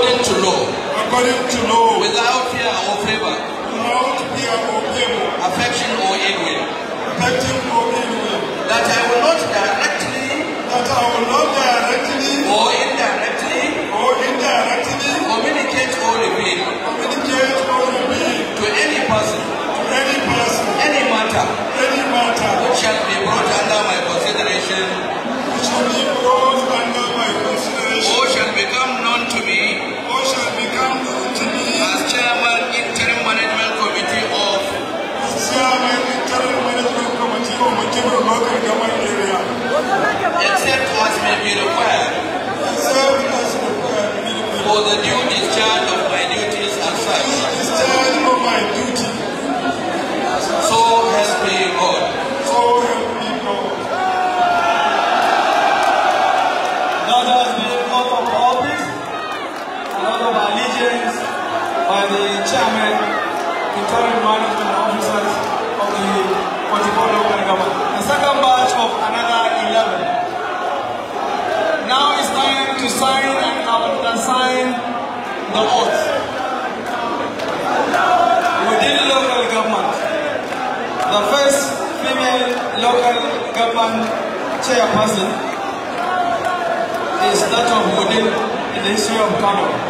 According to law. According to law. Without fear or favor. Without fear or favor. Affection or ill Affection or ill That I will not directly. That I will not directly. immediate requirement. For the duty charged of my duties as such. say a person is that of wooden in the history of Ghana.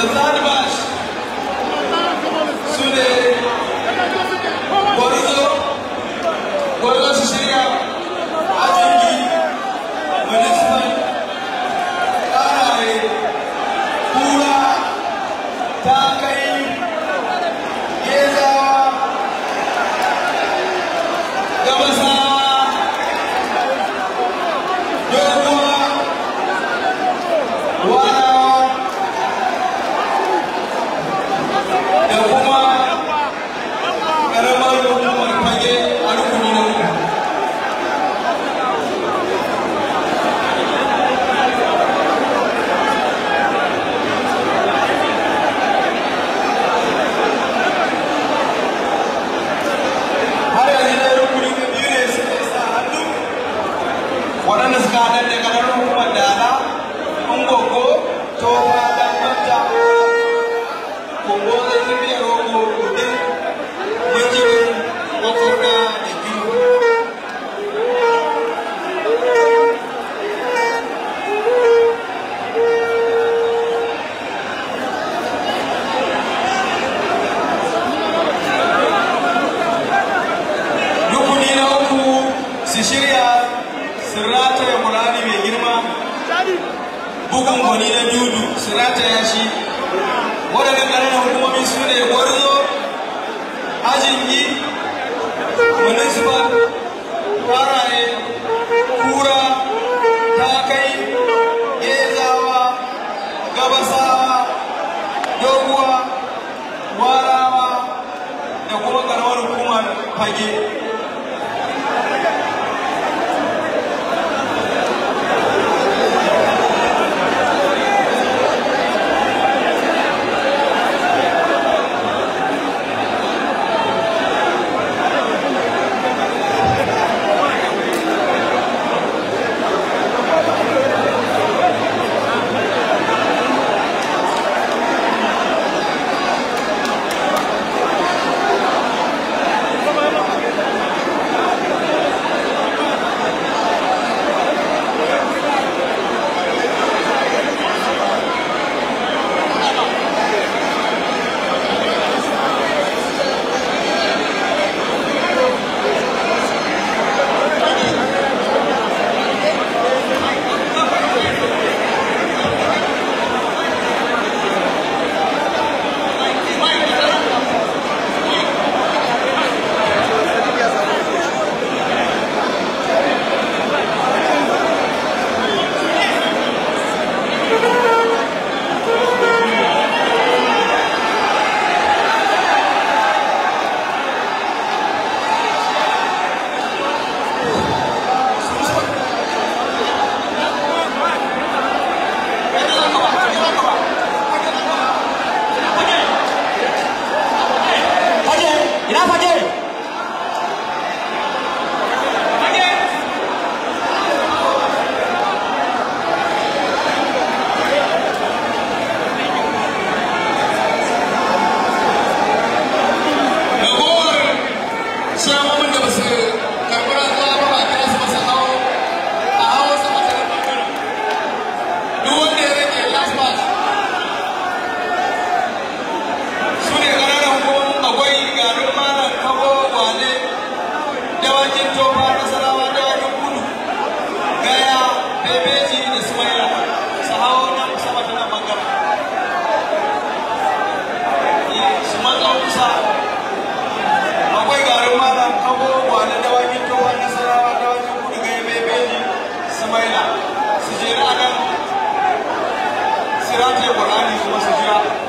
Verdade, baixo. 拍机。Sumaila su je ranar siraje Qur'ani kuma su jira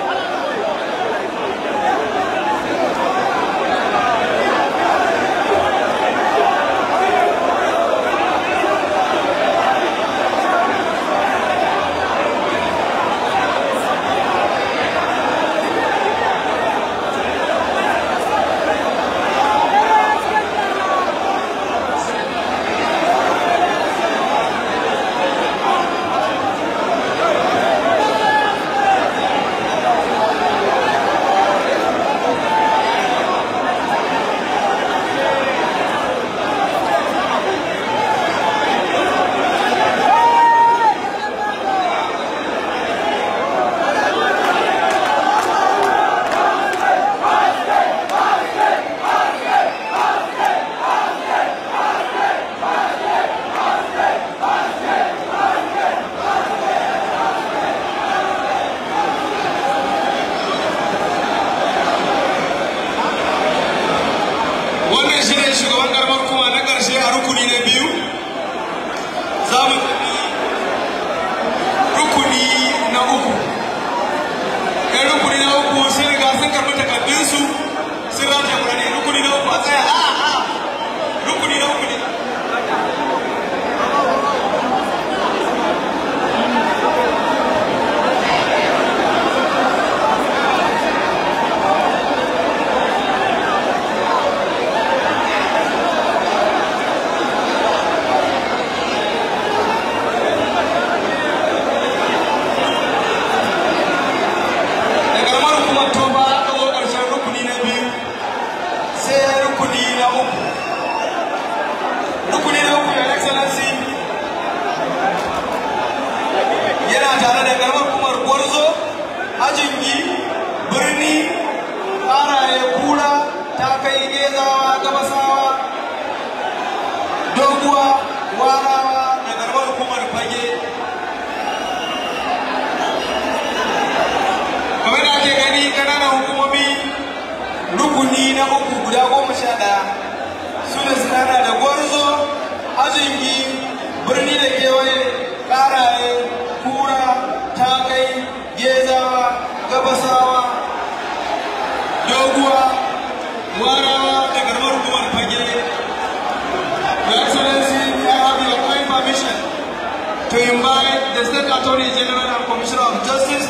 Deputy Attorney General and Commissioner of Justice,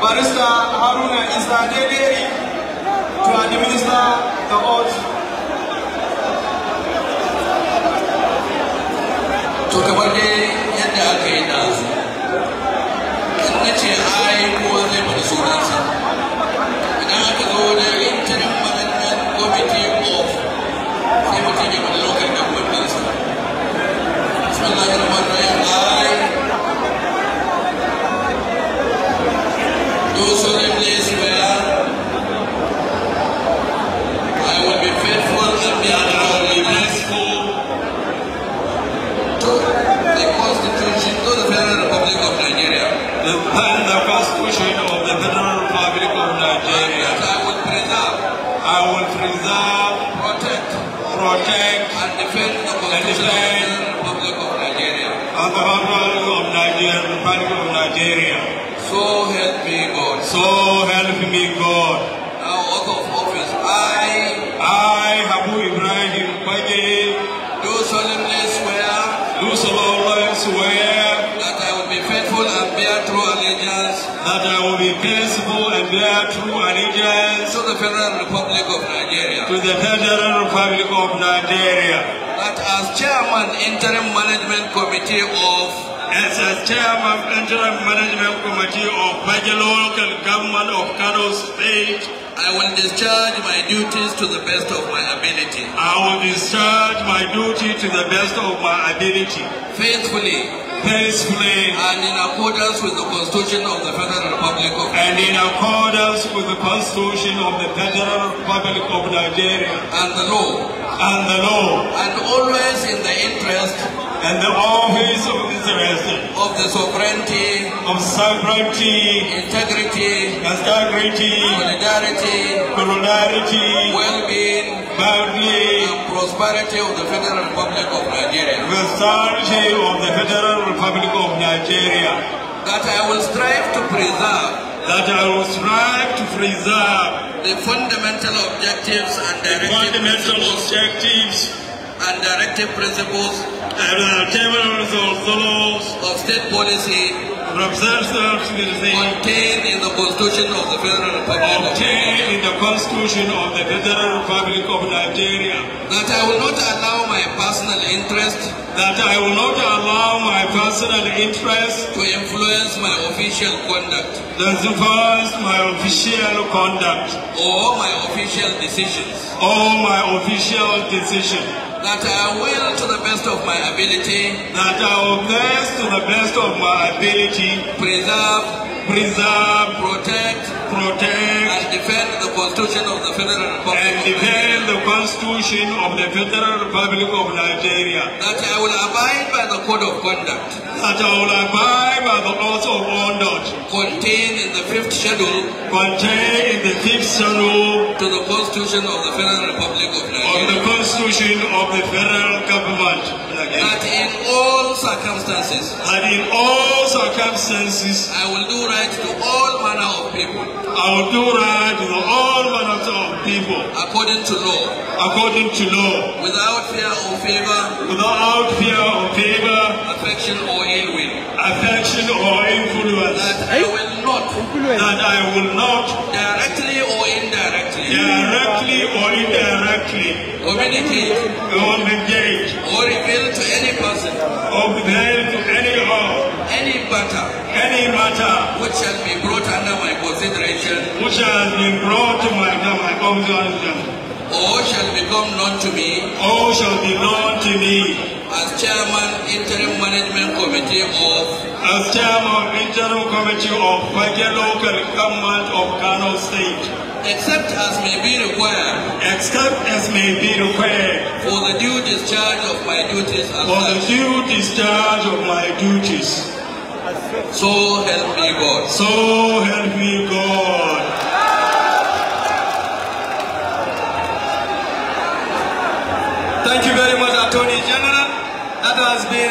Barrister Haruna Isladeri, to administer the oath to kamar dai yadda aka yi ɗazu the na management committee of sai mutum ya bada declare true allegiance to the Federal Republic of Nigeria. To the Federal Republic of Nigeria. That as chairman interim management committee of as a chairman interim management committee of Federal local government of Kano State. I will discharge my duties to the best of my ability. I will discharge my duty to the best of my ability. Faithfully, peacefully and in accordance with the Constitution of the Federal Republic of and in accordance with the Constitution of the Federal Republic of Nigeria and the law and the law and always in the interest and the office of Israel. Of the sovereignty. Of sovereignty. Integrity. Integrity. Solidarity. Solidarity. Well-being. family, And prosperity of the Federal Republic of Nigeria. Prosperity of the Federal Republic of Nigeria. That I will strive to preserve. That I will strive to preserve. The fundamental objectives and the fundamental objectives and directive principles and uh, the of state policy contained in the Constitution of the Federal Republic contained in the Constitution of the Federal Republic of Nigeria that I will not allow my personal interest that I will not allow my personal interest to influence my official conduct to influence my official conduct or my official decisions or my official decision that I will to the best of my ability that I will best to the best of my ability preserve preserve, protect, protect, and defend the Constitution of the Federal Republic. And defend the Constitution of the Federal Republic of Nigeria. That I will abide by the Code of Conduct. That I will abide by the Oath of Conduct. Contained in the fifth schedule. Contained in the fifth schedule. To the Constitution of the Federal Republic of Nigeria. Of the Constitution of the Federal Government. That in all circumstances. That in all circumstances. I will do right right to all manner of people. I will do right to all manner of people. According to law. According to law. Without fear or favor. Without fear or favor. Affection or ill will. Affection or influence. That I eh? will not. That I will not. Directly or indirectly. Directly or indirectly. Communicate. Or Or reveal to any person. Or reveal matter, any matter which shall be brought under my consideration, which shall be brought to my, my consideration, or shall become known to me, or shall be known to me, as chairman interim management committee of, as chairman interim committee of Fage local government of Kano State except as may be required except as may be required for the due discharge of my duties for the due discharge of my duties So help me God. So help me God. Thank you very much, Attorney General. That has been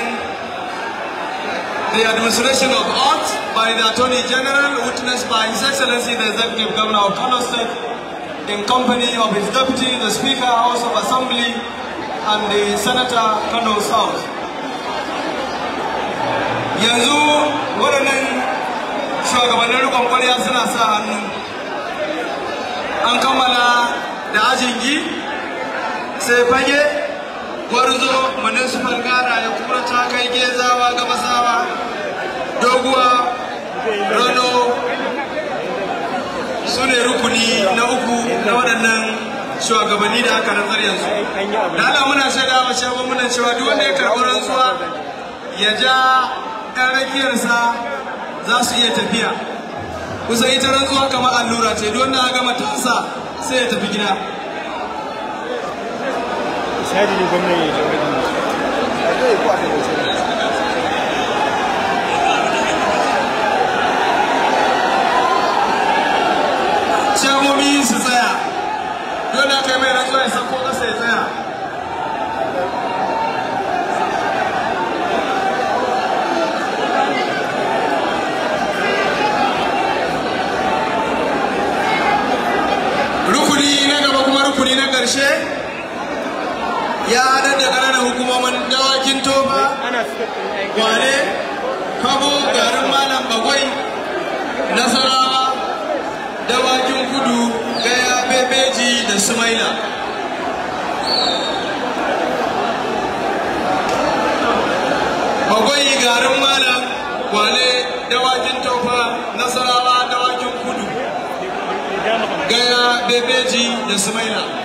the administration of art by the Attorney General, witnessed by His Excellency the Executive Governor of Kano State, in company of his deputy, the Speaker, House of Assembly, and the Senator Kano South. yanzu waɗannan shugabannin rikon kwarya suna sa hannu an kammala da ajin gi sai fage gwarzo municipal gara ya kuma ta kai gezawa gabasawa doguwa rano su ne rukuni na uku na waɗannan shugabanni da aka nazar yanzu ala muna wa cewa muna cewa duk wanda ya karɓi rantsuwa ya ja ɗan za su iya tafiya kusa ita rantsuwa kamar allura ce don na ga matansa sai ya tafi gida shagomi su tsaya don na kai mai rantsuwa ya sako ƙasa ya tsaya kuɗi na ƙarshe ya haɗar da ƙananan hukumomin dawakin tofa wane kabo garin malam bagwai nasarawa dawakin kudu gaya bebeji da sumaila bagwai garin malam wane dawakin tofa nasarawa gaya bebeji da sumaila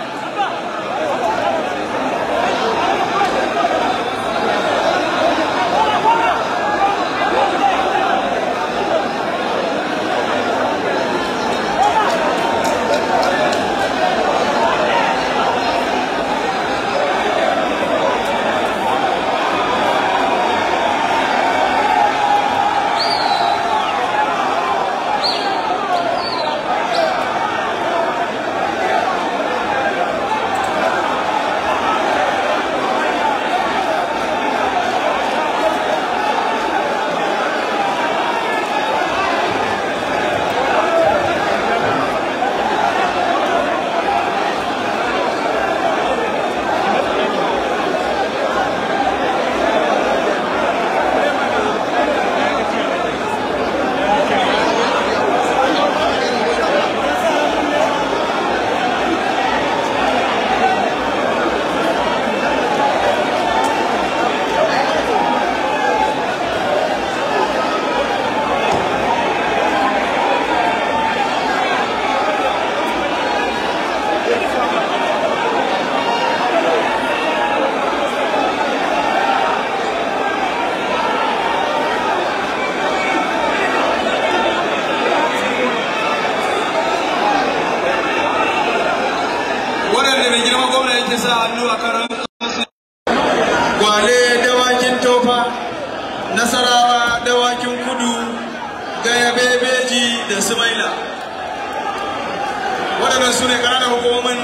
waɗannan su ne ƙananan hukumomin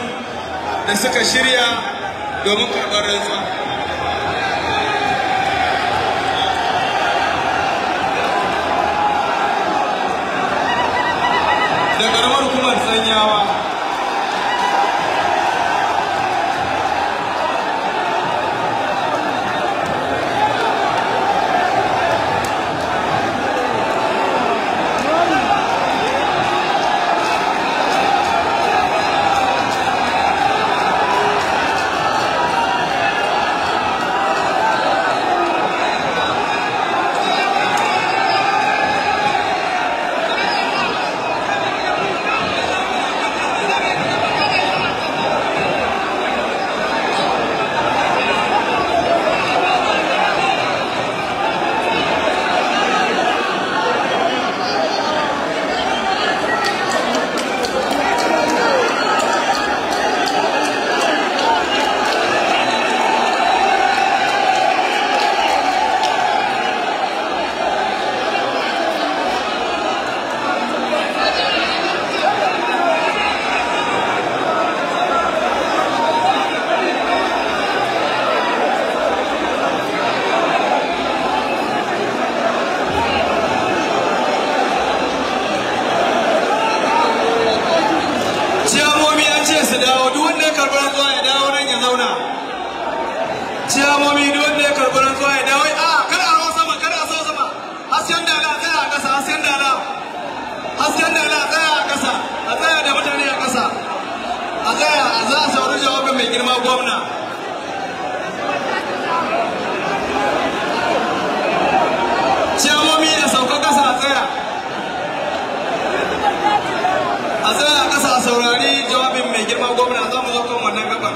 da suka shirya domin karɓar rantsuwa da ƙaramar hukumar sanyawa su dawo duk wanda ya karɓi rantsuwa ya dawo nan ya zauna ciyamomi duk wanda ya karɓi rantsuwa ya dawo a kada a hawa sama kada a sau sama hasken da ala tsaya a ƙasa hasken da ala hasken da tsaya a ƙasa a tsaya da mutane a ƙasa a tsaya a za a sauri jawabin mai girma gwamna ciyamomi da sauka ƙasa a tsaya a tsaya saurari jawabin mai girma gwamna za mu zo kan wannan gaban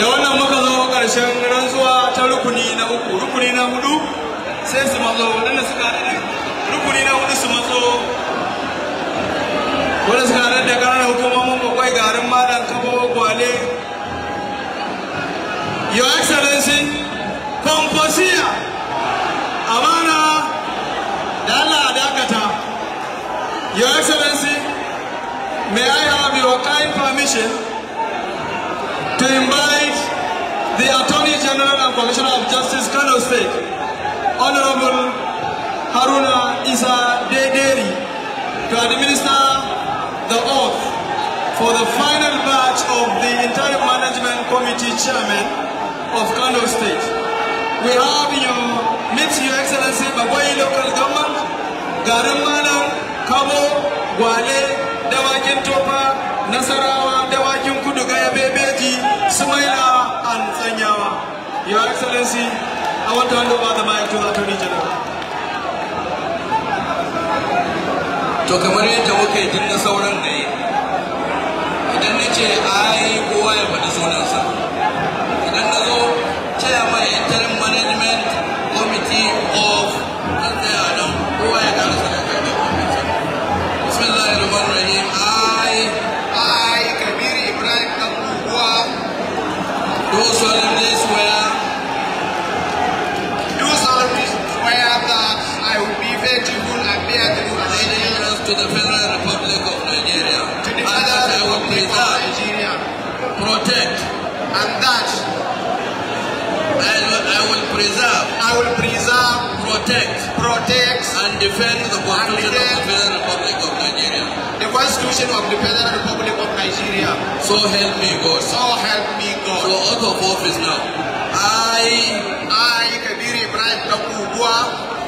da wannan muka zo ƙarshen rantsuwa ta rukuni na uku rukuni na hudu sai su matso waɗanda suka haɗe rukuni na hudu su matso wanda suka haɗe da ƙarar hukumomin bakwai garin madan kabo gwale your excellency komfosiya amana da allah dakata your excellency may i have your kind permission to invite the Attorney General and Commissioner of Justice Kano State, Honorable Haruna Isa Dederi, to administer the oath for the final batch of the entire Management Committee Chairman of Kano State. We have your midst, Your Excellency, Babayi Local Government, Garim Malam, Kabo, Gwale, want to hand over the mic to Attorney General. To kamar yadda muka yi duk na sauran da yi, idan na ce ai kowa ya faɗi sunansa, idan na zo chairman interim management committee of an tsaya nan kowa ya ƙara sanar da kai kwamitin. Bismillahirrahmanirrahim. Ibrahim Abubuwa, do solemnly protect and that I, I will preserve. I will preserve, protect, protect and defend the Constitution of the Federal Republic of Nigeria. The Constitution of the Federal Republic of Nigeria. So help me God. So help me God. So out of office now. I, I, Kabir Ibrahim Takugwa,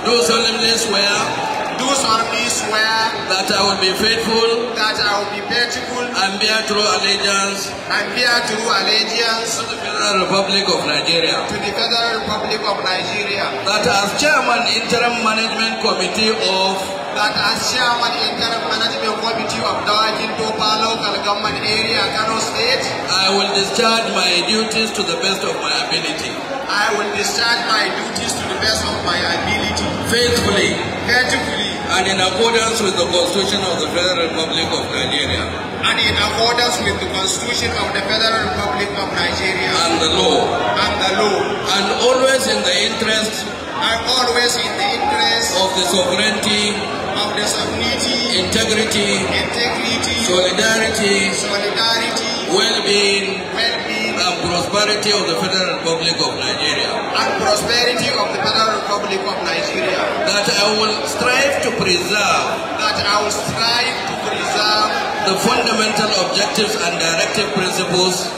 do solemnly swear those on me swear that I will be faithful, that I will be faithful, and bear true allegiance, and bear true allegiance to the Federal Republic of Nigeria, to the Federal Republic of Nigeria, that as chairman interim management committee of that as chairman interim management committee of Dawakin Topa local government area Kano State, I will discharge my duties to the best of my ability. I will discharge my duties to the best of my ability. Faithfully. Dutifully. And in accordance with the Constitution of the Federal Republic of Nigeria. And in accordance with the Constitution of the Federal Republic of Nigeria. And the law. And the law. And always in the interest. And always in the interest. Of the sovereignty. Of the sovereignty. Integrity. Integrity. Solidarity. Solidarity. Well-being. Well prosperity of the Federal Republic of Nigeria. And prosperity of the Federal Republic of Nigeria. That I will strive to preserve. That I will strive to preserve. The fundamental objectives and directive principles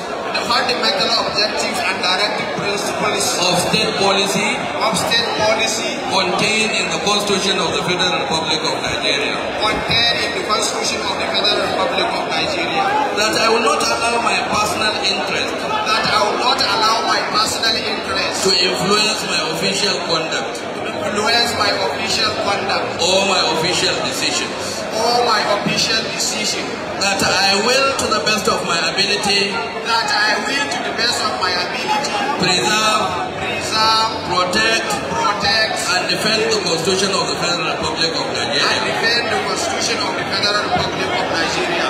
fundamental objectives and directive principles of state policy of state policy contained in the Constitution of the Federal Republic of Nigeria. Contained in the Constitution of the Federal Republic of Nigeria. That I will not allow my personal interest. That I will not allow my personal interest to influence my official conduct. To influence my official conduct or my official decisions all my official decisions that I will to the best of my ability that I will to the best of my ability preserve, preserve, protect, protect and defend the Constitution of the Federal Republic of Nigeria and defend the Constitution of the Federal Republic of Nigeria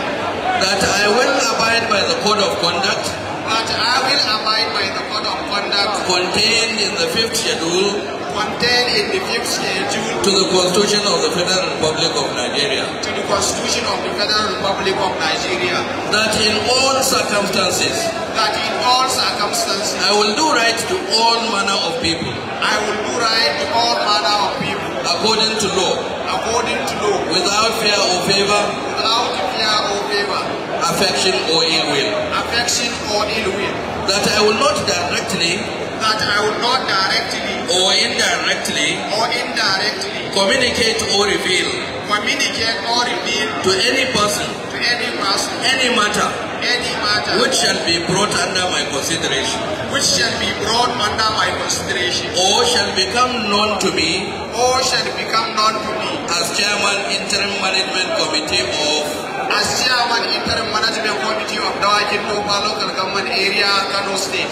that I will abide by the Code of Conduct that I will abide by the code of conduct contained in the fifth schedule contained in the fifth schedule to the Constitution of the Federal Republic of Nigeria to the Constitution of the Federal Republic of Nigeria that in all circumstances that in all circumstances I will do right to all manner of people I will do right to all manner of people according to law according to law without fear or favor without fear or favor affection or ill will. Affection or ill will. That I will not directly that I will not directly or indirectly or indirectly communicate or reveal communicate or reveal to any person to any person any matter any matter which shall be brought under my consideration which shall be brought under my consideration or shall become known to me or shall become known to me as chairman interim management committee of as chairman interim management committee of Dawakin Topa local government area, Kano State,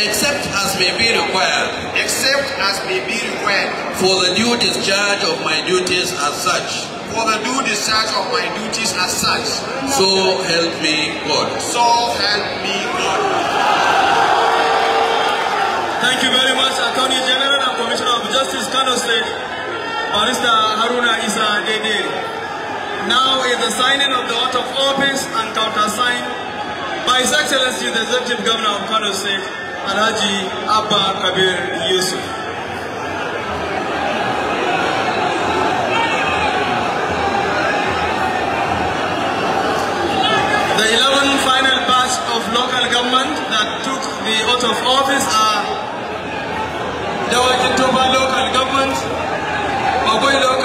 except as may be required, except as may be required for the due discharge of my duties as such. For the due discharge of my duties as such. So help me God. So help me God. Thank you very much, Attorney General and Commissioner of Justice, Kano State, Barrister Haruna Isa Dederi. Now is the signing of the oath of office and countersign by His Excellency the Executive Governor of Kano State, Alhaji Abba Kabir Yusuf. The 11 final batch of local government that took the oath of office are Dawajitoba local government, Ogoy local